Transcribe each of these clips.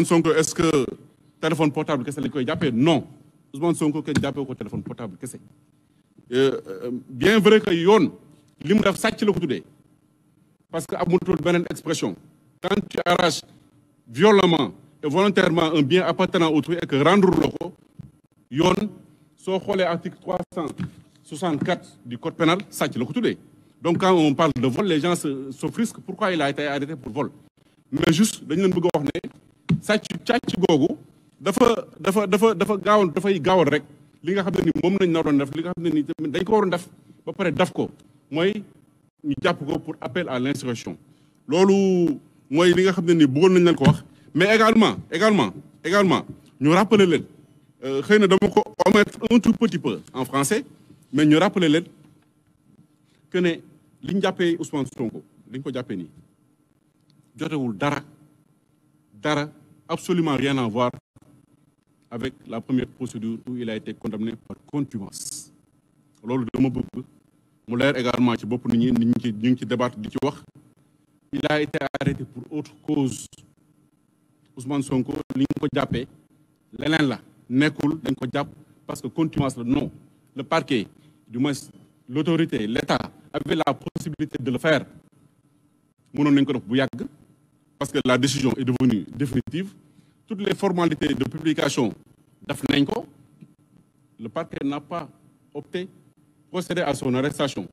Ousmane Sonko ce que téléphone portable kese lañ koy jàppee non Ousmane Sonko kenn jàppee ko téléphone portable kese euh, euh, bien vrai yoon li mu def sàcc la ko tuddee parce que amutul beneen expression quand tu arraches violemment et volontairement un bien appartenant à autrui et que rendre la ko yoon soo xoolee article 364 du code pénal sàcc la ko tuddee donc quand on parle de vol les gens s'offusquent pourquoi il a été arrêté pour vol mais juste dañu leen bëgg wax ne sàcc càcc googu dafa dafa dafa dafa gaawoon dafay gaawoon rek li nga xam ne ni moom lañ naroon def li nga xam ne ni tamit dañ ko waroon def ba pare daf ko mooy ñu jàpp ko pour appel à l'insurrection loolu mooy li nga xam ne ni buggoon nañ leen ko wax mais également également également ñu rappeler leen euh, xëy na dama ko omettre un tout petit peu en français mais ñu rappeler leen que ne li ñu jàppee Ousmane Sonko li ñu ko jàppee nii jotewul dara dara absolument rien à voir avec la première procédure où il a été condamné par contumace loolu dama bëgg mu leer également ci bopp nit ñi nit ci ñu ngi ci débattre di ci wax il a été arrêté pour autre cause Ousmane Sonko li ñu ko jàppee leneen la nekkul dañ ko jàpp parce que contumace la non le parquet du moins l'autorité l'État avait la possibilité de le faire mënoon nañ ko def bu yàgg parce que la décision est devenue définitive toutes les formalités de publication daf nañ ko le parquet n'a pas opté procéder à son arrestation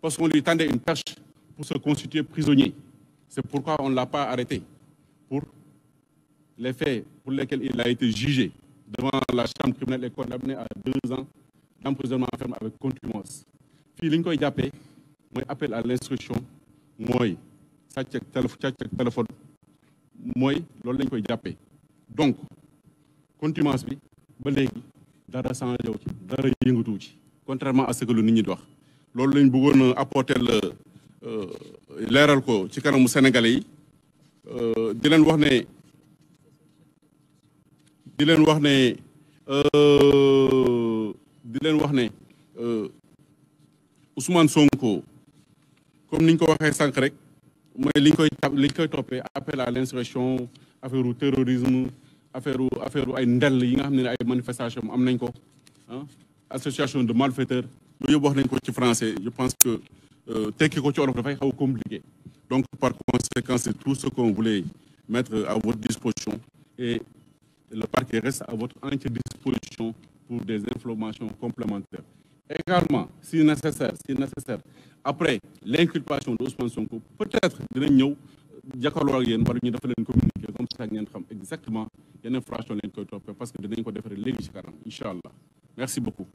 parce qu'on lui tendait une tâche pour se constituer prisonnier c'est pourquoi on ne l'a pas arrêté pour les faits pour lesquels il a été jugé devant la chambre criminelle et condamné à deux ans d'emprisonnement ferme avec contumace fii li ñu koy jàppee mooy appel à l'instruction mooy sàcc ak téléphone sàcc mooy loolu lañ koy jàppee donc contumace bi ba léegi dara changé ci dara yëngatuwu ci contrairement à nit ñi di wax loolu lañ bëggoon a euh, leeral ko ci kanamu sénégalais yi euh, di leen wax ne di leen wax ne euh, di leen wax ne Ousmane Sonko comme niñ ko waxee sànq rek mooy li ñu koy li ñu koy toppee appel à l'insurrection affaire u terrorisme affaire affaire ay ndel yi nga xam ne ne ay manifestation am nañ ko ah association de malfaiteurs loolu yëpp wax nañ ko ci français je pense que euh, tekki ko ci wolof dafay xaw compliqué donc par conséquent c'est tout ce qu'on voulait mettre à votre disposition et le parquet reste à votre entière disposition pour des informations complémentaires également si nécessaire si nécessaire après l'inculpation de Ousmane Sonko peut-être dinañ ñëw jàkkaarloo ak yéen wala ñu dafa leen communiquer comme ça ngeen xam exactement yenn infraction lañ koy toppee parce que dinañ ko defaree léegi ci kanam incha allah merci beaucoup